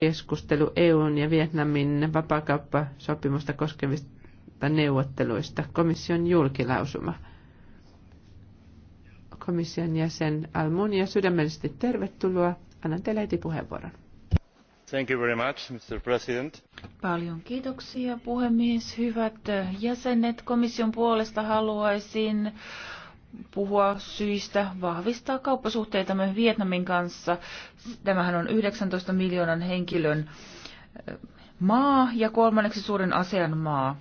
keskustelu EUn ja Vietnamin vapaakauppasopimusta koskevista neuvotteluista, komission julkilausuma. Komission jäsen Almunia, sydämellisesti tervetuloa. Annan teille heti puheenvuoron. Thank you very much, Mr. President. Paljon kiitoksia, puhemies. Hyvät jäsenet, komission puolesta haluaisin puhua syistä vahvistaa kauppasuhteitamme Vietnamin kanssa. Tämähän on 19 miljoonan henkilön maa ja kolmanneksi suurin ASEAN maa.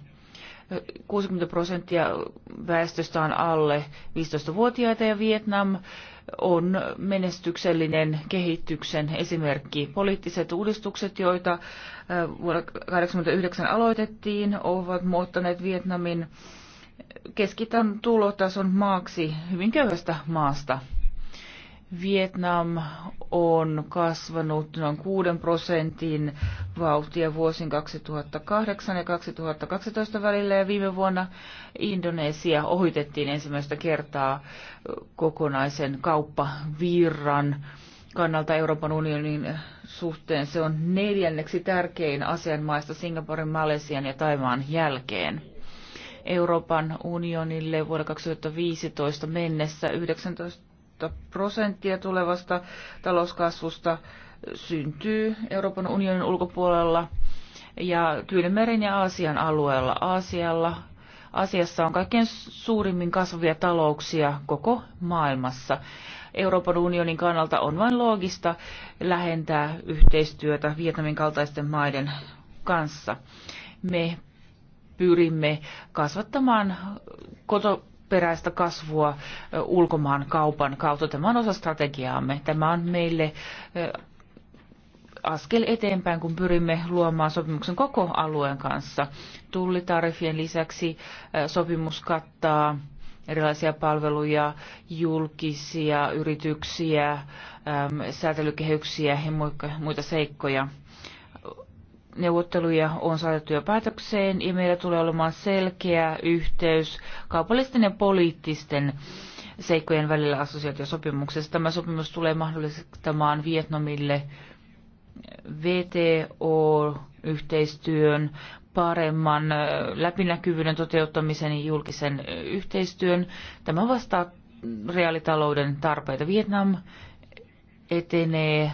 60 prosenttia väestöstä on alle 15-vuotiaita ja Vietnam on menestyksellinen kehityksen esimerkki. Poliittiset uudistukset, joita vuonna 1989 aloitettiin, ovat muuttaneet Vietnamin keskitän tulotason maaksi hyvin köyhästä maasta. Vietnam on kasvanut noin 6 prosentin vauhtia vuosin 2008 ja 2012 välillä ja viime vuonna Indonesia ohitettiin ensimmäistä kertaa kokonaisen kauppavirran kannalta Euroopan unionin suhteen. Se on neljänneksi tärkein maista Singaporen, Malesian ja Taimaan jälkeen. Euroopan unionille vuodelle 2015 mennessä 19 prosenttia tulevasta talouskasvusta syntyy Euroopan unionin ulkopuolella ja Tyynemeren ja Aasian alueella. Aasialla, Aasiassa on kaikkein suurimmin kasvavia talouksia koko maailmassa. Euroopan unionin kannalta on vain loogista lähentää yhteistyötä Vietnamin kaltaisten maiden kanssa. Me pyrimme kasvattamaan koto, peräistä kasvua ulkomaan kaupan kautta. Tämä on osa strategiaamme. Tämä on meille askel eteenpäin, kun pyrimme luomaan sopimuksen koko alueen kanssa. Tullitarifien lisäksi sopimus kattaa erilaisia palveluja, julkisia yrityksiä, säätelykehyksiä ja muita seikkoja neuvotteluja on saatettu jo päätökseen ja meillä tulee olemaan selkeä yhteys kaupallisten ja poliittisten seikkojen välillä assosiaatiosopimuksessa. Tämä sopimus tulee mahdollistamaan Vietnamille VTO-yhteistyön, paremman läpinäkyvyyden toteuttamisen ja julkisen yhteistyön. Tämä vastaa reaalitalouden tarpeita. Vietnam etenee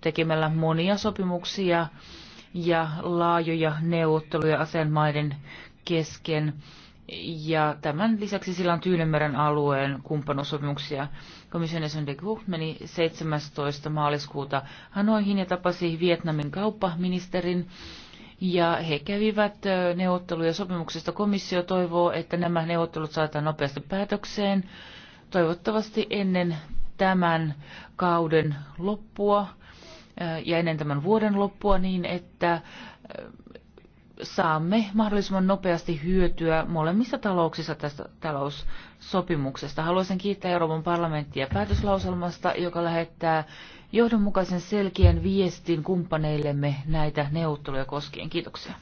tekemällä monia sopimuksia ja laajoja neuvotteluja asenmaiden kesken. Ja tämän lisäksi sillä on Tyynemeren alueen kumppanuussopimuksia. Komission jäsen de Gucht meni 17. maaliskuuta Hanoihin ja tapasi Vietnamin kauppaministerin. Ja he kävivät neuvotteluja sopimuksesta. Komissio toivoo, että nämä neuvottelut saadaan nopeasti päätökseen. Toivottavasti ennen tämän kauden loppua ja ennen tämän vuoden loppua niin, että saamme mahdollisimman nopeasti hyötyä molemmissa talouksissa tästä taloussopimuksesta. Haluaisin kiittää Euroopan parlamenttia päätöslauselmasta, joka lähettää johdonmukaisen selkeän viestin kumppaneillemme näitä neuvotteluja koskien. Kiitoksia.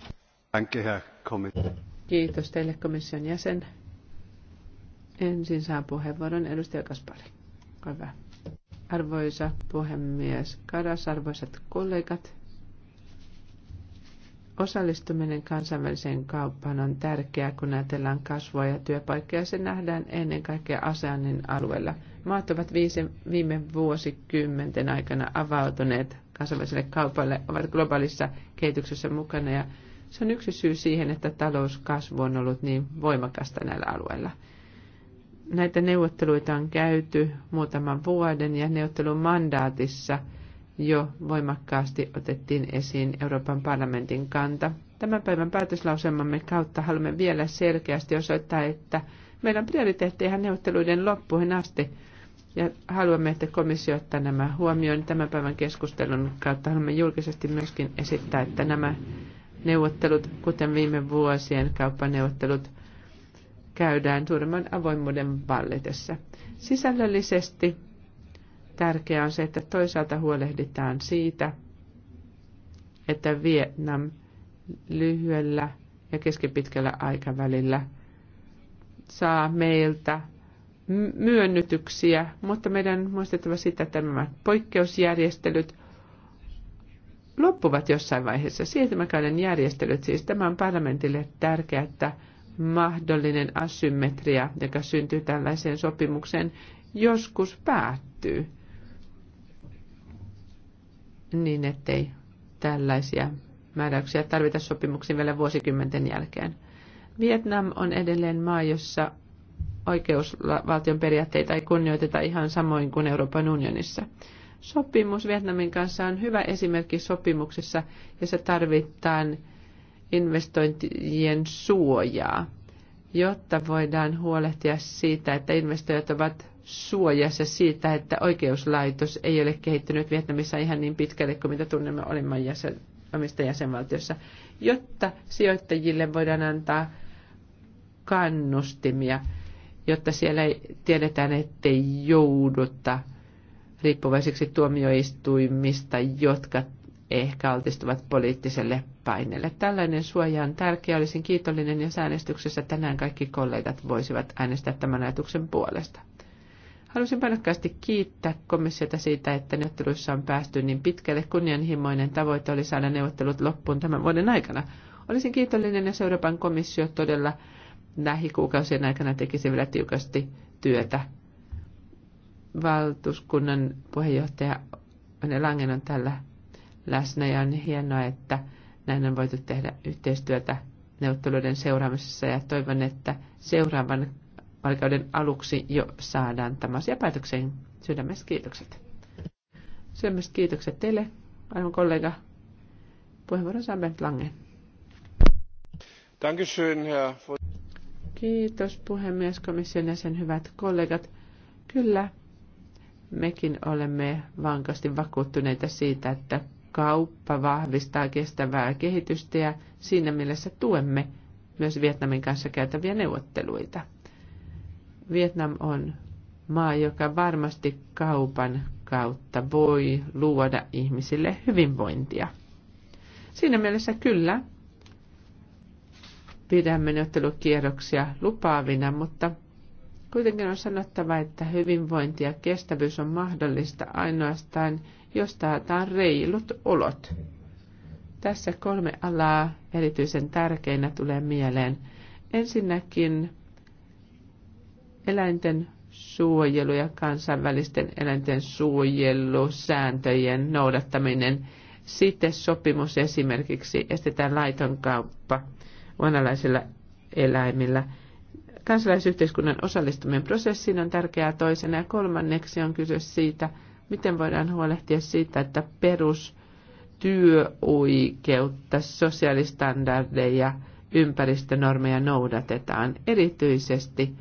Kiitos teille komission jäsen. Ensin saa puheenvuoron edustaja Kaspari. Hyvä. Arvoisa puhemies Karas, arvoisat kollegat, osallistuminen kansainväliseen kauppaan on tärkeää, kun ajatellaan kasvua ja työpaikkoja. Se nähdään ennen kaikkea ASEANin alueella. Maat ovat viisi, viime vuosikymmenten aikana avautuneet kansainväliselle kaupalle, ovat globaalissa kehityksessä mukana ja se on yksi syy siihen, että talouskasvu on ollut niin voimakasta näillä alueilla. Näitä neuvotteluita on käyty muutaman vuoden ja neuvottelun mandaatissa jo voimakkaasti otettiin esiin Euroopan parlamentin kanta. Tämän päivän päätöslausemamme kautta haluamme vielä selkeästi osoittaa, että meillä on prioriteetteja neuvotteluiden loppuun asti ja haluamme, että komissio ottaa nämä huomioon. Tämän päivän keskustelun kautta haluamme julkisesti myöskin esittää, että nämä neuvottelut, kuten viime vuosien kauppaneuvottelut, käydään turman avoimuuden vallitessa. Sisällöllisesti tärkeää on se, että toisaalta huolehditaan siitä, että Vietnam lyhyellä ja keskipitkällä aikavälillä saa meiltä myönnytyksiä, mutta meidän on muistettava sitä, että nämä poikkeusjärjestelyt loppuvat jossain vaiheessa. Siirtymäkauden järjestelyt, siis tämä on parlamentille tärkeää, että mahdollinen asymmetria, joka syntyy tällaiseen sopimukseen, joskus päättyy niin, ettei tällaisia määräyksiä tarvita sopimuksiin vielä vuosikymmenten jälkeen. Vietnam on edelleen maa, jossa oikeusvaltion periaatteita ei kunnioiteta ihan samoin kuin Euroopan unionissa. Sopimus Vietnamin kanssa on hyvä esimerkki sopimuksessa, jossa tarvitaan investointien suojaa, jotta voidaan huolehtia siitä, että investoijat ovat suojassa siitä, että oikeuslaitos ei ole kehittynyt Vietnamissa ihan niin pitkälle kuin mitä tunnemme olimme jäsen, omista jäsenvaltiossa, jotta sijoittajille voidaan antaa kannustimia, jotta siellä ei, tiedetään, ettei jouduta riippuvaisiksi tuomioistuimista, jotka ehkä altistuvat poliittiselle paineelle. Tällainen suoja on tärkeä. Olisin kiitollinen, jos äänestyksessä tänään kaikki kollegat voisivat äänestää tämän ajatuksen puolesta. Haluaisin painokkaasti kiittää komissiota siitä, että neuvotteluissa on päästy niin pitkälle. Kunnianhimoinen tavoite oli saada neuvottelut loppuun tämän vuoden aikana. Olisin kiitollinen, jos Euroopan komissio todella lähikuukausien aikana tekisi vielä tiukasti työtä. Valtuuskunnan puheenjohtaja Anne Langen on tällä läsnä ja on hienoa, että näin on voitu tehdä yhteistyötä neuvotteluiden seuraamisessa ja toivon, että seuraavan valkauden aluksi jo saadaan tämä asia päätökseen. Sydämessä kiitokset. Sydämessä kiitokset teille, arvon kollega. Puheenvuoron saa Bernd Kiitos puhemies, komission jäsen, hyvät kollegat. Kyllä, mekin olemme vankasti vakuuttuneita siitä, että kauppa vahvistaa kestävää kehitystä ja siinä mielessä tuemme myös Vietnamin kanssa käytäviä neuvotteluita. Vietnam on maa, joka varmasti kaupan kautta voi luoda ihmisille hyvinvointia. Siinä mielessä kyllä pidämme neuvottelukierroksia lupaavina, mutta kuitenkin on sanottava, että hyvinvointi ja kestävyys on mahdollista ainoastaan, jos taataan reilut olot. Tässä kolme alaa erityisen tärkeinä tulee mieleen. Ensinnäkin eläinten suojelu ja kansainvälisten eläinten suojelusääntöjen noudattaminen. Sitten sopimus esimerkiksi estetään laiton kauppa uhanalaisilla eläimillä. Kansalaisyhteiskunnan osallistuminen prosessiin on tärkeää toisena ja kolmanneksi on kyse siitä, Miten voidaan huolehtia siitä, että perustyöoikeutta, sosiaalistandardeja, ympäristönormeja noudatetaan erityisesti,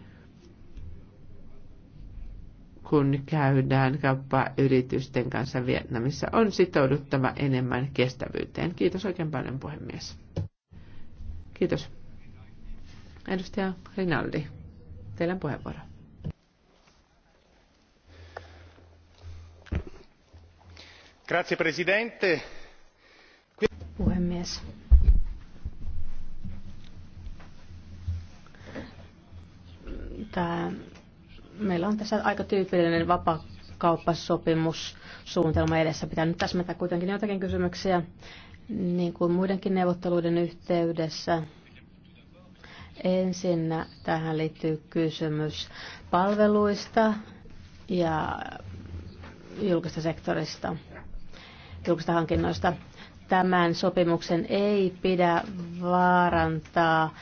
kun käydään kauppaa yritysten kanssa Vietnamissa, on sitouduttava enemmän kestävyyteen. Kiitos oikein paljon puhemies. Kiitos. Edustaja Rinaldi, teillä on puheenvuoro. arvoisa puhemies meillä on tässä aika tyypillinen vapaakauppasopimussuunnitelma edessä. Pitää nyt täsmätä kuitenkin jotakin kysymyksiä, niin kuin muidenkin neuvotteluiden yhteydessä. Ensin tähän liittyy kysymys palveluista ja julkista sektorista julkista hankinnoista. Tämän sopimuksen ei pidä vaarantaa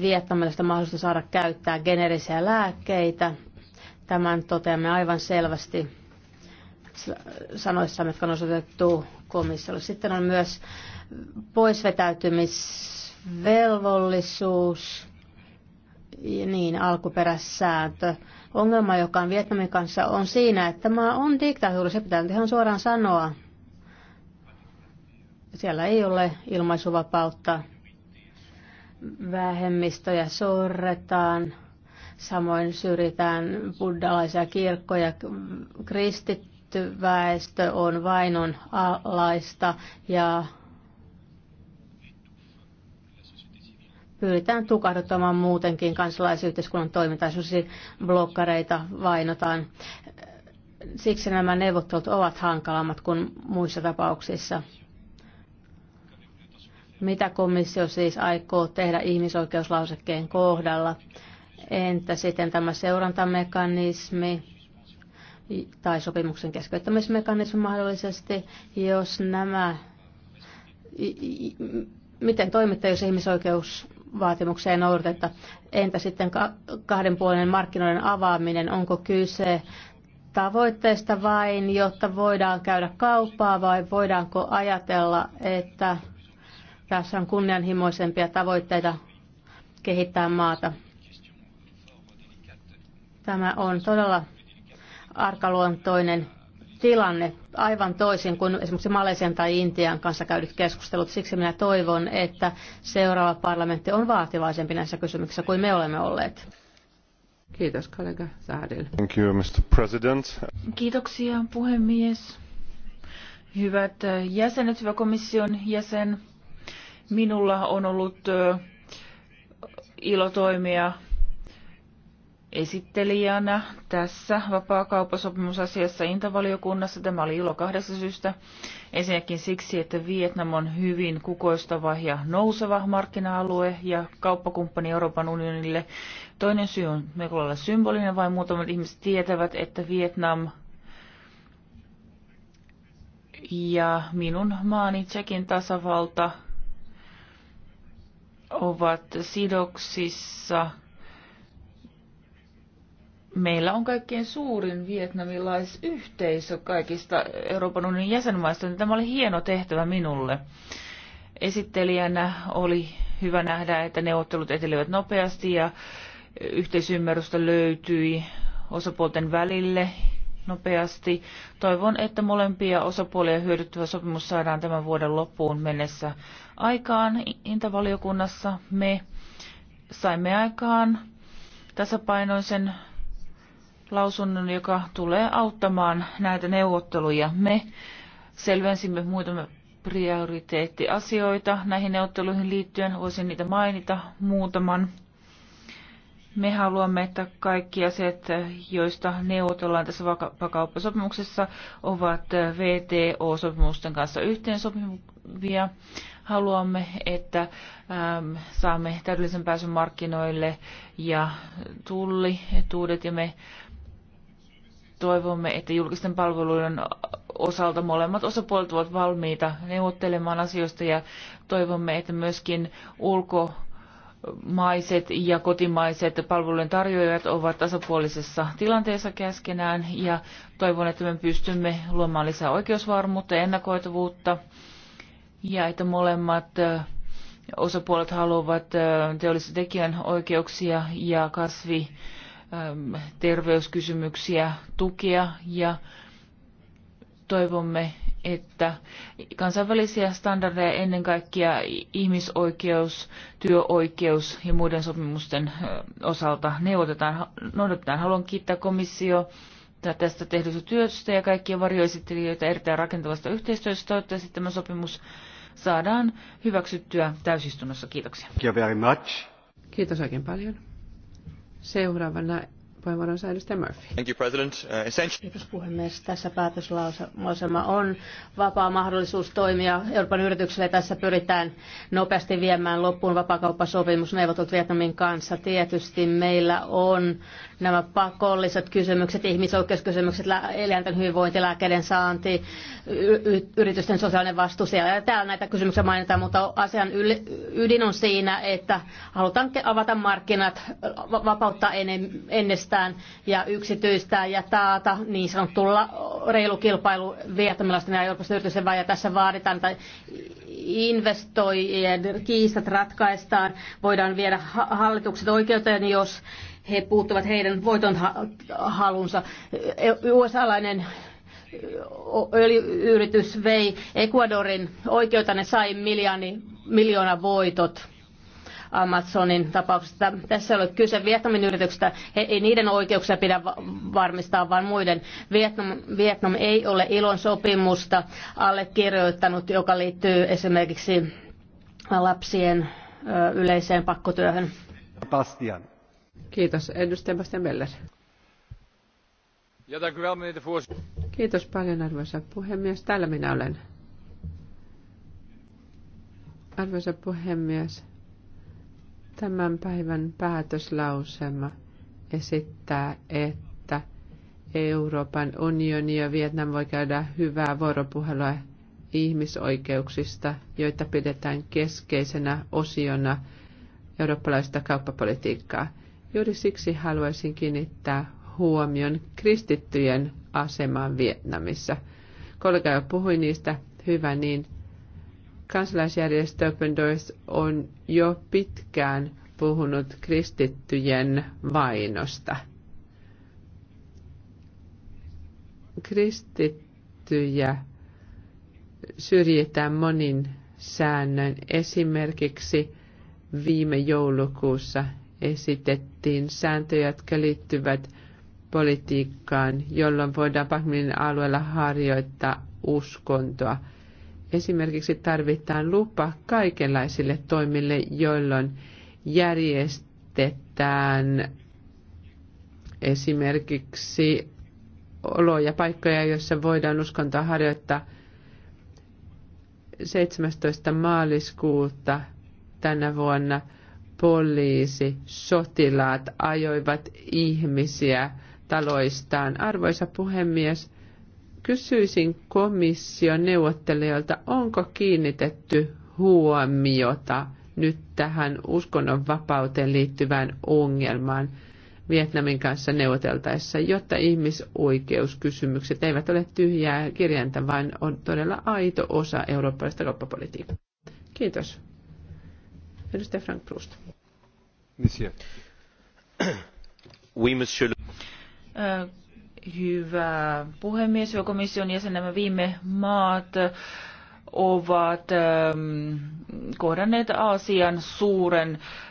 vietnamilaista mahdollisuutta saada käyttää geneerisiä lääkkeitä. Tämän toteamme aivan selvästi sanoissamme, jotka on osoitettu komissiolle. Sitten on myös poisvetäytymisvelvollisuus ja niin, alkuperäsääntö. Ongelma, joka on Vietnamin kanssa, on siinä, että maa on diktatuuri, se pitää ihan suoraan sanoa. Siellä ei ole ilmaisuvapautta, vähemmistöjä sorretaan, samoin syrjitään buddhalaisia kirkkoja, kristitty väestö on vainon alaista ja pyritään tukahduttamaan muutenkin kansalaisyhteiskunnan toimintaa, blokkareita vainotaan. Siksi nämä neuvottelut ovat hankalammat kuin muissa tapauksissa. Mitä komissio siis aikoo tehdä ihmisoikeuslausekkeen kohdalla? Entä sitten tämä seurantamekanismi tai sopimuksen keskeyttämismekanismi mahdollisesti, jos nämä, miten toimitte, jos ihmisoikeus vaatimuksia ei noudateta. Entä sitten kahdenpuolinen markkinoiden avaaminen? Onko kyse tavoitteesta vain, jotta voidaan käydä kauppaa vai voidaanko ajatella, että tässä on kunnianhimoisempia tavoitteita kehittää maata. Tämä on todella arkaluontoinen tilanne aivan toisin kuin esimerkiksi Malesian tai Intian kanssa käydyt keskustelut. Siksi minä toivon, että seuraava parlamentti on vaativaisempi näissä kysymyksissä kuin me olemme olleet. Kiitos kollega Saadil. Thank you, Mr. President. Kiitoksia puhemies. Hyvät jäsenet, hyvä komission jäsen. Minulla on ollut ilo toimia esittelijänä tässä vapaakauppasopimusasiassa Intavaliokunnassa. Tämä oli ilo kahdesta syystä. Ensinnäkin siksi, että Vietnam on hyvin kukoistava ja nouseva markkina-alue ja kauppakumppani Euroopan unionille. Toinen syy on melko lailla symbolinen, vain muutamat ihmiset tietävät, että Vietnam ja minun maani Tsekin tasavalta – ovat sidoksissa. Meillä on kaikkein suurin vietnamilaisyhteisö kaikista Euroopan unionin jäsenmaista, niin tämä oli hieno tehtävä minulle. Esittelijänä oli hyvä nähdä, että neuvottelut etelivät nopeasti ja yhteisymmärrystä löytyi osapuolten välille nopeasti. Toivon, että molempia osapuolia hyödyttävä sopimus saadaan tämän vuoden loppuun mennessä aikaan. Intavaliokunnassa me saimme aikaan tasapainoisen lausunnon, joka tulee auttamaan näitä neuvotteluja. Me selvensimme muutamia prioriteettiasioita näihin neuvotteluihin liittyen. Voisin niitä mainita muutaman. Me haluamme, että kaikki asiat, joista neuvotellaan tässä vakauppasopimuksessa, ovat VTO-sopimusten kanssa yhteensopivia. Haluamme, että äm, saamme täydellisen pääsyn markkinoille ja tullietuudet ja me toivomme, että julkisten palveluiden osalta molemmat osapuolet ovat valmiita neuvottelemaan asioista ja toivomme, että myöskin ulko maiset ja kotimaiset palvelujen tarjoajat ovat tasapuolisessa tilanteessa keskenään ja toivon, että me pystymme luomaan lisää oikeusvarmuutta ja ennakoitavuutta ja että molemmat osapuolet haluavat teollisen tekijän oikeuksia ja kasvi terveyskysymyksiä tukea ja toivomme, että kansainvälisiä standardeja ennen kaikkea ihmisoikeus, työoikeus ja muiden sopimusten osalta neuvotetaan, noudatetaan. Haluan kiittää komissio tästä tehdystä työstä ja kaikkia varjoesittelijöitä erittäin rakentavasta yhteistyöstä. Toivottavasti tämä sopimus saadaan hyväksyttyä täysistunnossa. Kiitoksia. Kiitos oikein paljon. Seuraavana puheenvuoronsa edustaja Murphy. Thank you, President. Uh, Kiitos puhemies. Tässä päätöslausema on vapaa mahdollisuus toimia Euroopan yrityksille. Tässä pyritään nopeasti viemään loppuun vapakauppasopimusneuvottelut Vietnamin kanssa. Tietysti meillä on nämä pakolliset kysymykset, ihmisoikeuskysymykset, eläinten hyvinvointi, lääkeiden saanti, yritysten sosiaalinen vastuu siellä. Ja täällä näitä kysymyksiä mainitaan, mutta asian ydin on siinä, että halutaan avata markkinat, vapauttaa ennestään ja yksityistää ja taata niin sanottulla reilu kilpailu vietnamilaisten ja eurooppalaisten yritysten vai ja tässä vaaditaan tai investoijien kiistat ratkaistaan, voidaan viedä hallitukset oikeuteen, jos he puuttuvat heidän voiton halunsa. E, USA-lainen öljyyritys vei Ecuadorin oikeutta, ne sai miljooni, miljoona voitot. Amazonin tapauksesta. Tässä ei ole kyse Vietnamin yrityksestä. He, Ei niiden oikeuksia pidä varmistaa, vaan muiden. Vietnam, Vietnam ei ole ilon sopimusta allekirjoittanut, joka liittyy esimerkiksi lapsien yleiseen pakkotyöhön. Bastian. Kiitos. Edustaja Bastian Beller. Kiitos paljon, arvoisa puhemies. Täällä minä olen. Arvoisa puhemies, tämän päivän päätöslausema esittää, että Euroopan unioni ja Vietnam voi käydä hyvää vuoropuhelua ihmisoikeuksista, joita pidetään keskeisenä osiona eurooppalaista kauppapolitiikkaa. Juuri siksi haluaisin kiinnittää huomion kristittyjen asemaan Vietnamissa. Kollega jo puhui niistä, hyvä niin. Kansalaisjärjestö Open Doors on jo pitkään puhunut kristittyjen vainosta. Kristittyjä syrjitään monin säännön Esimerkiksi viime joulukuussa esitettiin sääntöjä, jotka liittyvät politiikkaan, jolloin voidaan Pahminin alueella harjoittaa uskontoa. Esimerkiksi tarvitaan lupa kaikenlaisille toimille, jolloin järjestetään esimerkiksi oloja, paikkoja, joissa voidaan uskontoa harjoittaa. 17. maaliskuuta tänä vuonna – poliisi, sotilaat ajoivat ihmisiä taloistaan. Arvoisa puhemies, kysyisin komission neuvottelijoilta, onko kiinnitetty huomiota nyt tähän uskonnonvapauteen liittyvään ongelmaan Vietnamin kanssa neuvoteltaessa, jotta ihmisoikeuskysymykset eivät ole tyhjää kirjainta, vaan on todella aito osa eurooppalaista kauppapolitiikkaa. Kiitos. Edustaja Frank Proust. Monsieur. Oui, monsieur. Äh, hyvä puhemies, ja komission jäsen, nämä viime maat ovat ähm, kohdanneet Aasian suuren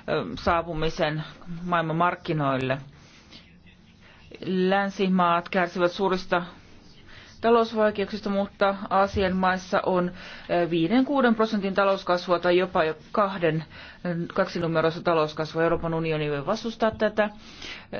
ähm, saapumisen maailmanmarkkinoille. Länsimaat kärsivät suurista talousvaikeuksista, mutta Aasian maissa on 5-6 eh, prosentin talouskasvua tai jopa jo kahden eh, kaksinumeroista talouskasvua. Euroopan unioni voi vastustaa tätä.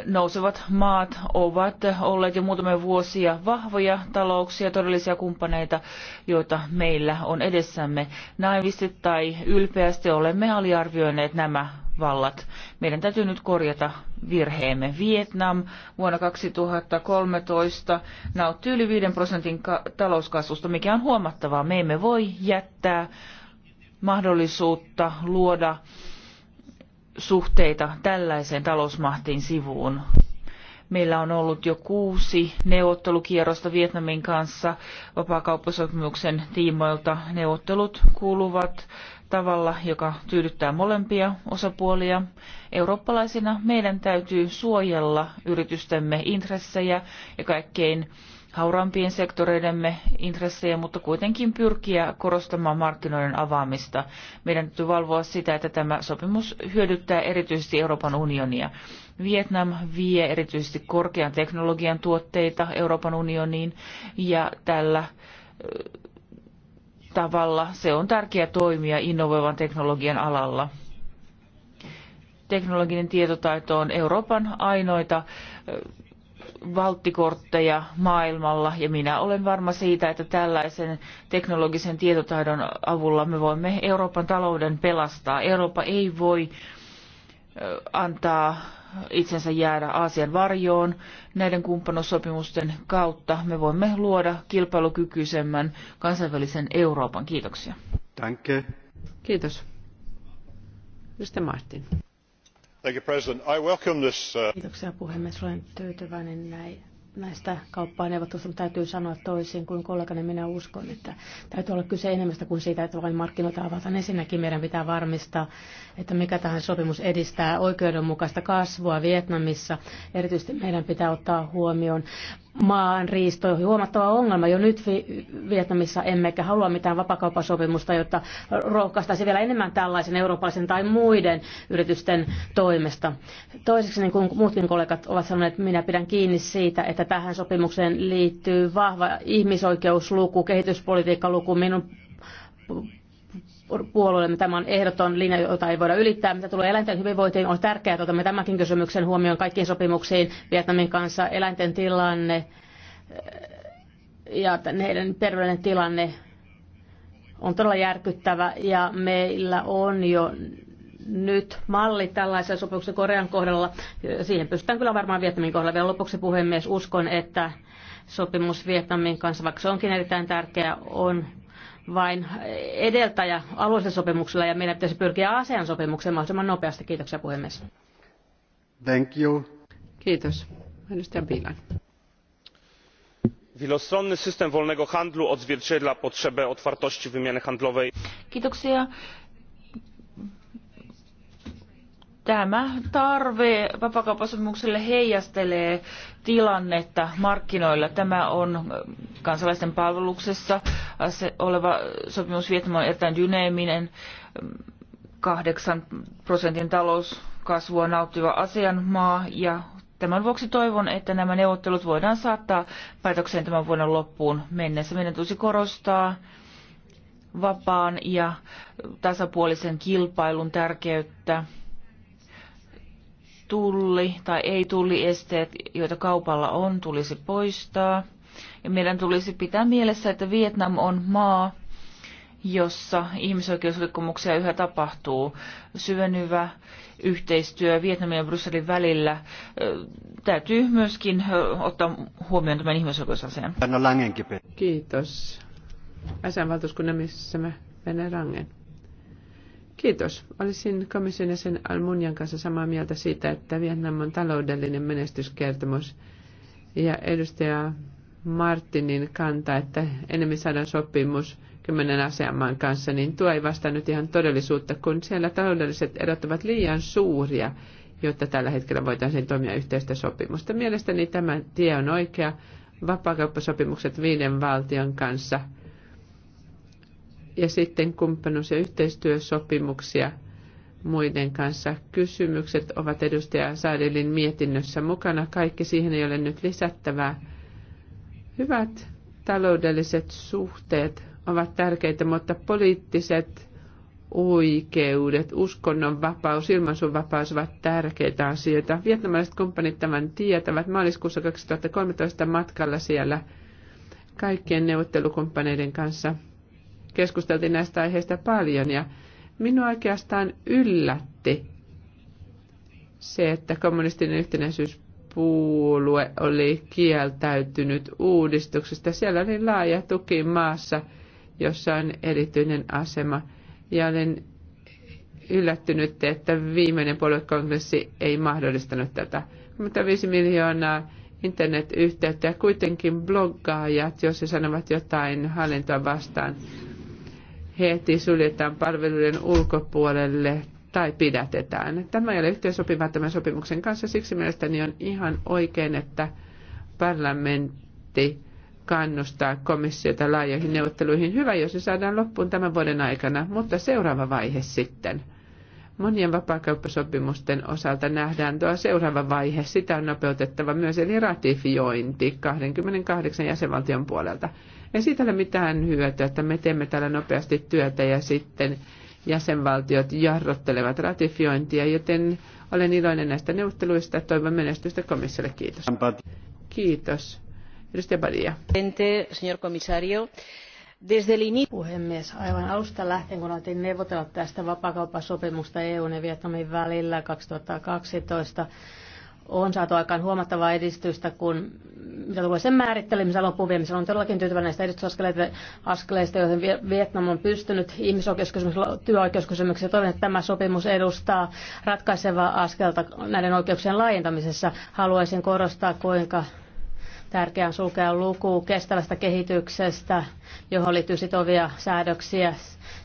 Nousevat maat ovat olleet jo muutamia vuosia vahvoja talouksia, todellisia kumppaneita, joita meillä on edessämme. Naivisti tai ylpeästi olemme aliarvioineet nämä vallat. Meidän täytyy nyt korjata virheemme. Vietnam vuonna 2013 nautti yli 5 prosentin talouskasvusta, mikä on huomattavaa. Me emme voi jättää mahdollisuutta luoda suhteita tällaiseen talousmahtiin sivuun. Meillä on ollut jo kuusi neuvottelukierrosta Vietnamin kanssa vapaakauppasopimuksen tiimoilta. Neuvottelut kuuluvat tavalla, joka tyydyttää molempia osapuolia. Eurooppalaisina meidän täytyy suojella yritystemme intressejä ja kaikkein hauraampien sektoreidemme intressejä, mutta kuitenkin pyrkiä korostamaan markkinoiden avaamista. Meidän täytyy valvoa sitä, että tämä sopimus hyödyttää erityisesti Euroopan unionia. Vietnam vie erityisesti korkean teknologian tuotteita Euroopan unioniin ja tällä tavalla. Se on tärkeä toimija innovoivan teknologian alalla. Teknologinen tietotaito on Euroopan ainoita valttikortteja maailmalla ja minä olen varma siitä, että tällaisen teknologisen tietotaidon avulla me voimme Euroopan talouden pelastaa. Eurooppa ei voi antaa itsensä jäädä Aasian varjoon. Näiden kumppanuussopimusten kautta me voimme luoda kilpailukykyisemmän kansainvälisen Euroopan. Kiitoksia. Danke. Kiitos. Mr. Martin. Thank you, President. I welcome this, uh... Kiitoksia puhemies. Olen tyytyväinen näin näistä kauppaneuvotteluista, mutta täytyy sanoa toisin kuin kollegani, minä uskon, että täytyy olla kyse enemmästä kuin siitä, että vain markkinoita avataan. Ensinnäkin meidän pitää varmistaa, että mikä tähän sopimus edistää oikeudenmukaista kasvua Vietnamissa. Erityisesti meidän pitää ottaa huomioon maan riisto on huomattava ongelma jo nyt Vietnamissa, emmekä halua mitään vapakauppasopimusta, jotta rohkaistaisi vielä enemmän tällaisen eurooppalaisen tai muiden yritysten toimesta. Toiseksi, niin kuin muutkin kollegat ovat sanoneet, minä pidän kiinni siitä, että tähän sopimukseen liittyy vahva ihmisoikeusluku, kehityspolitiikkaluku. Minun puolueemme tämä on ehdoton linja, jota ei voida ylittää. Mitä tulee eläinten hyvinvointiin, on tärkeää, että otamme tämänkin kysymyksen huomioon kaikkiin sopimuksiin Vietnamin kanssa. Eläinten tilanne eh, ja heidän terveyden tilanne on todella järkyttävä ja meillä on jo nyt malli tällaisen sopimuksen Korean kohdalla. Siihen pystytään kyllä varmaan Vietnamin kohdalla. Vielä lopuksi puhemies uskon, että sopimus Vietnamin kanssa, vaikka se onkin erittäin tärkeä, on vain edeltäjä alueellisella sopimuksella ja meidän pitäisi pyrkiä ASEAN sopimukseen mahdollisimman nopeasti. Kiitoksia puhemies. Thank you. Kiitos. Edustaja Bilan. Wielostronny system wolnego handlu odzwierciedla potrzebę otwartości wymiany handlowej. Kiitoksia tämä tarve vapakauppasopimukselle heijastelee tilannetta markkinoilla. Tämä on äh, kansalaisten palveluksessa se oleva sopimus Vietnam on erittäin dyneeminen, kahdeksan prosentin talouskasvua nauttiva asianmaa ja Tämän vuoksi toivon, että nämä neuvottelut voidaan saattaa päätökseen tämän vuoden loppuun mennessä. Meidän tulisi korostaa vapaan ja tasapuolisen kilpailun tärkeyttä tulli tai ei esteet joita kaupalla on, tulisi poistaa. Ja meidän tulisi pitää mielessä, että Vietnam on maa, jossa ihmisoikeusrikkomuksia yhä tapahtuu. Syvenyvä yhteistyö Vietnamin ja Brysselin välillä täytyy myöskin ottaa huomioon tämän ihmisoikeusasian. Kiitos. Asianvaltuuskunnan missä me Rangen. Kiitos. Olisin komission jäsen Almunian kanssa samaa mieltä siitä, että Vietnam on taloudellinen menestyskertomus. Ja edustaja Martinin kanta, että enemmän saadaan sopimus kymmenen asemaan kanssa, niin tuo ei vastaa nyt ihan todellisuutta, kun siellä taloudelliset erot ovat liian suuria, jotta tällä hetkellä voitaisiin toimia yhteistä sopimusta. Mielestäni tämä tie on oikea. Vapaakauppasopimukset viiden valtion kanssa – ja sitten kumppanuus- ja yhteistyösopimuksia muiden kanssa. Kysymykset ovat edustaja Saadelin mietinnössä mukana. Kaikki siihen ei ole nyt lisättävää. Hyvät taloudelliset suhteet ovat tärkeitä, mutta poliittiset oikeudet, uskonnon vapaus, ovat tärkeitä asioita. Vietnamilaiset kumppanit tämän tietävät. Maaliskuussa 2013 matkalla siellä kaikkien neuvottelukumppaneiden kanssa keskusteltiin näistä aiheista paljon ja minua oikeastaan yllätti se, että kommunistinen yhtenäisyyspuolue oli kieltäytynyt uudistuksesta. Siellä oli laaja tuki maassa, jossa on erityinen asema. Ja olen yllättynyt, että viimeinen puoluekongressi ei mahdollistanut tätä. Mutta viisi miljoonaa internet ja kuitenkin bloggaajat, jos he sanovat jotain hallintoa vastaan, heti suljetaan palveluiden ulkopuolelle tai pidätetään. Tämä ei ole yhteensopiva tämän sopimuksen kanssa, siksi mielestäni on ihan oikein, että parlamentti kannustaa komissiota laajoihin neuvotteluihin. Hyvä, jos se saadaan loppuun tämän vuoden aikana, mutta seuraava vaihe sitten. Monien vapaakauppasopimusten osalta nähdään tuo seuraava vaihe. Sitä on nopeutettava myös, eli ratifiointi 28 jäsenvaltion puolelta. Ei siitä ole mitään hyötyä, että me teemme täällä nopeasti työtä ja sitten jäsenvaltiot jarrottelevat ratifiointia, joten olen iloinen näistä neuvotteluista. Toivon menestystä komissiolle. Kiitos. Kiitos. Edustaja Badia. Señor comisario. Desde el Puhemies, aivan alusta lähtien, kun alettiin neuvotella tästä vapaakauppasopimusta EUn ja Vietnamin välillä 2012, on saatu aikaan huomattavaa edistystä, kun mitä tulee sen määrittelemisen loppuviemiseen, on todellakin tyytyväinen näistä edistysaskeleista, joihin Vietnam on pystynyt ihmisoikeuskysymyksiä, työoikeuskysymyksiä. Toivon, että tämä sopimus edustaa ratkaisevaa askelta näiden oikeuksien laajentamisessa. Haluaisin korostaa, kuinka tärkeää on sulkea luku kestävästä kehityksestä, johon liittyy sitovia säädöksiä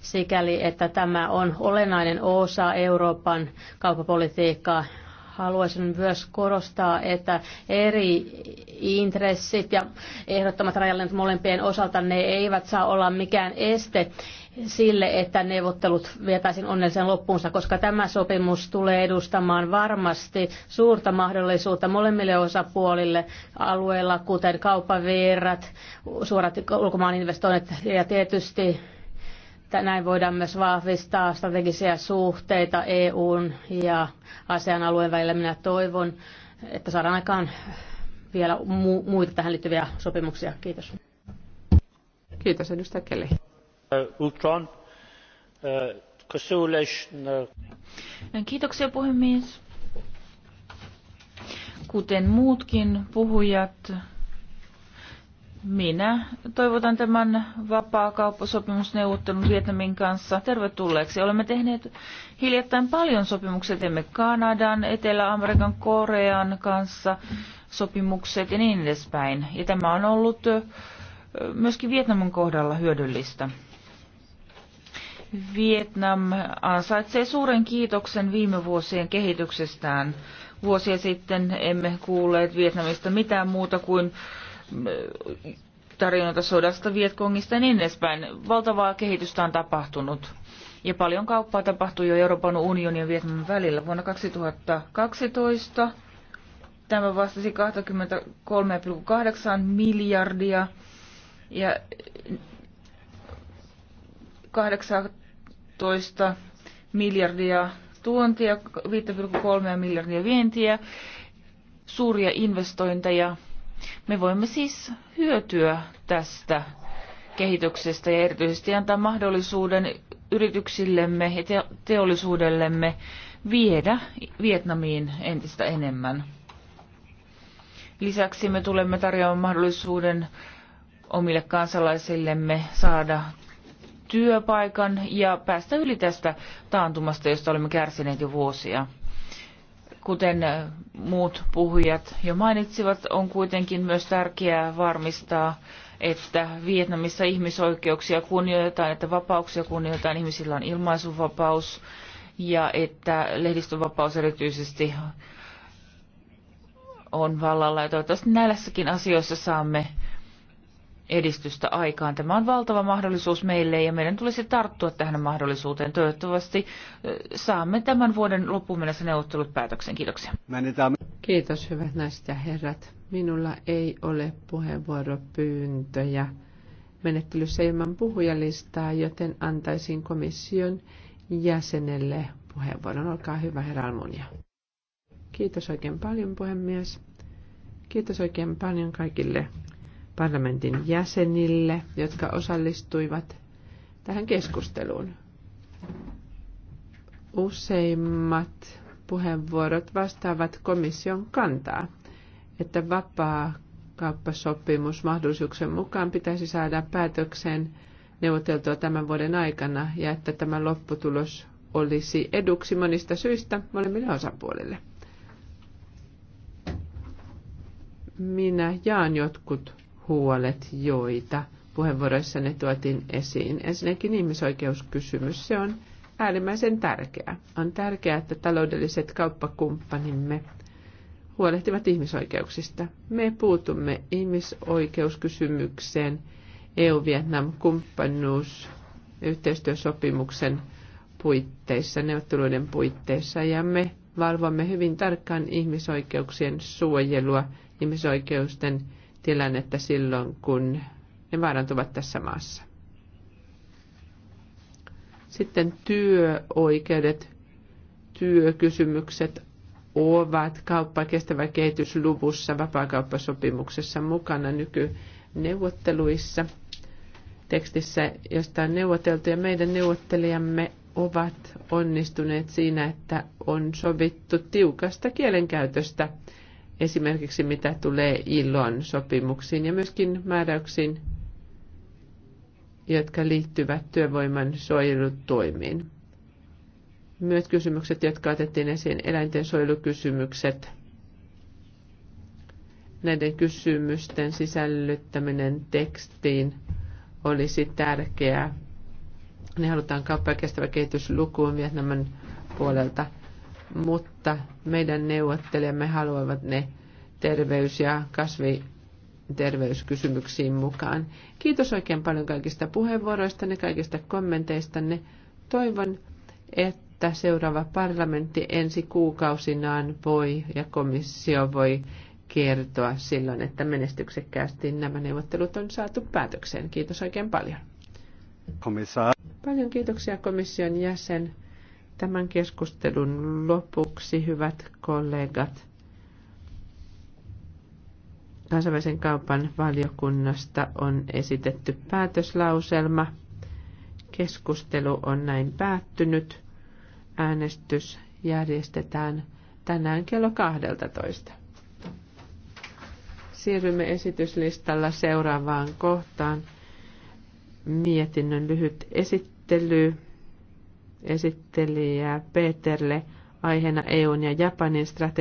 sikäli, että tämä on olennainen osa Euroopan kauppapolitiikkaa. Haluaisin myös korostaa, että eri intressit ja ehdottomat rajallinen molempien osalta ne eivät saa olla mikään este sille, että neuvottelut vietäisiin onnellisen loppuunsa, koska tämä sopimus tulee edustamaan varmasti suurta mahdollisuutta molemmille osapuolille alueella, kuten kaupavirrat, suorat ulkomaan investoinnit ja tietysti näin voidaan myös vahvistaa strategisia suhteita EUn ja ASEAN alueen välillä. Minä toivon, että saadaan aikaan vielä mu- muita tähän liittyviä sopimuksia. Kiitos. Kiitos, edustaja Kelly. Uh, uh, no. Kiitoksia, puhemies. Kuten muutkin puhujat, minä toivotan tämän vapaa-kauppasopimusneuvottelun Vietnamin kanssa tervetulleeksi. Olemme tehneet hiljattain paljon sopimuksia. Teemme Kanadan, Etelä-Amerikan, Korean kanssa sopimukset ja niin edespäin. Ja tämä on ollut myöskin Vietnamin kohdalla hyödyllistä. Vietnam ansaitsee suuren kiitoksen viime vuosien kehityksestään. Vuosia sitten emme kuulleet Vietnamista mitään muuta kuin tarinoita sodasta, Vietkongista ja niin edespäin. Valtavaa kehitystä on tapahtunut. Ja paljon kauppaa tapahtui jo Euroopan unionin ja Vietnamin välillä. Vuonna 2012 tämä vastasi 23,8 miljardia ja 18 miljardia tuontia, 5,3 miljardia vientiä, suuria investointeja me voimme siis hyötyä tästä kehityksestä ja erityisesti antaa mahdollisuuden yrityksillemme ja teollisuudellemme viedä Vietnamiin entistä enemmän. Lisäksi me tulemme tarjoamaan mahdollisuuden omille kansalaisillemme saada työpaikan ja päästä yli tästä taantumasta, josta olemme kärsineet jo vuosia. Kuten äh, muut puhujat jo mainitsivat, on kuitenkin myös tärkeää varmistaa, että Vietnamissa ihmisoikeuksia kunnioitetaan, että vapauksia kunnioitetaan, ihmisillä on ilmaisuvapaus ja että lehdistönvapaus erityisesti on vallalla. Ja toivottavasti näissäkin asioissa saamme edistystä aikaan. Tämä on valtava mahdollisuus meille ja meidän tulisi tarttua tähän mahdollisuuteen. Toivottavasti saamme tämän vuoden loppuun mennessä neuvottelut päätöksen. Kiitoksia. Kiitos hyvät naiset ja herrat. Minulla ei ole puheenvuoropyyntöjä menettelyssä ilman puhujalistaa, joten antaisin komission jäsenelle puheenvuoron. Olkaa hyvä, herra Almunia. Kiitos oikein paljon, puhemies. Kiitos oikein paljon kaikille parlamentin jäsenille, jotka osallistuivat tähän keskusteluun. Useimmat puheenvuorot vastaavat komission kantaa, että vapaa kauppasopimus mahdollisuuksien mukaan pitäisi saada päätökseen neuvoteltua tämän vuoden aikana ja että tämä lopputulos olisi eduksi monista syistä molemmille osapuolille. Minä jaan jotkut huolet, joita puheenvuoroissanne tuotiin esiin. Ensinnäkin ihmisoikeuskysymys, se on äärimmäisen tärkeää. On tärkeää, että taloudelliset kauppakumppanimme huolehtivat ihmisoikeuksista. Me puutumme ihmisoikeuskysymykseen EU-Vietnam-kumppanuus yhteistyösopimuksen puitteissa, neuvotteluiden puitteissa, ja me valvomme hyvin tarkkaan ihmisoikeuksien suojelua, ihmisoikeusten tilannetta silloin, kun ne vaarantuvat tässä maassa. Sitten työoikeudet, työkysymykset ovat kauppa- ja kestävä kehitysluvussa vapaakauppasopimuksessa mukana nykyneuvotteluissa tekstissä, josta on neuvoteltu, ja meidän neuvottelijamme ovat onnistuneet siinä, että on sovittu tiukasta kielenkäytöstä esimerkiksi mitä tulee ilon sopimuksiin ja myöskin määräyksiin, jotka liittyvät työvoiman suojelutoimiin. Myös kysymykset, jotka otettiin esiin, eläinten suojelukysymykset, näiden kysymysten sisällyttäminen tekstiin olisi tärkeää. Ne halutaan kauppa- ja kestävä lukuun Vietnamin puolelta – mutta meidän neuvottelijamme haluavat ne terveys- ja kasviterveyskysymyksiin mukaan. Kiitos oikein paljon kaikista puheenvuoroistanne, kaikista kommenteistanne. Toivon, että seuraava parlamentti ensi kuukausinaan voi ja komissio voi kertoa silloin, että menestyksekkäästi nämä neuvottelut on saatu päätökseen. Kiitos oikein paljon. Komissaari. Paljon kiitoksia komission jäsen. Tämän keskustelun lopuksi, hyvät kollegat, kansainvälisen kaupan valiokunnasta on esitetty päätöslauselma. Keskustelu on näin päättynyt. Äänestys järjestetään tänään kello 12. Siirrymme esityslistalla seuraavaan kohtaan. Mietinnön lyhyt esittely esittelijä Peterle aiheena EUn ja Japanin strategista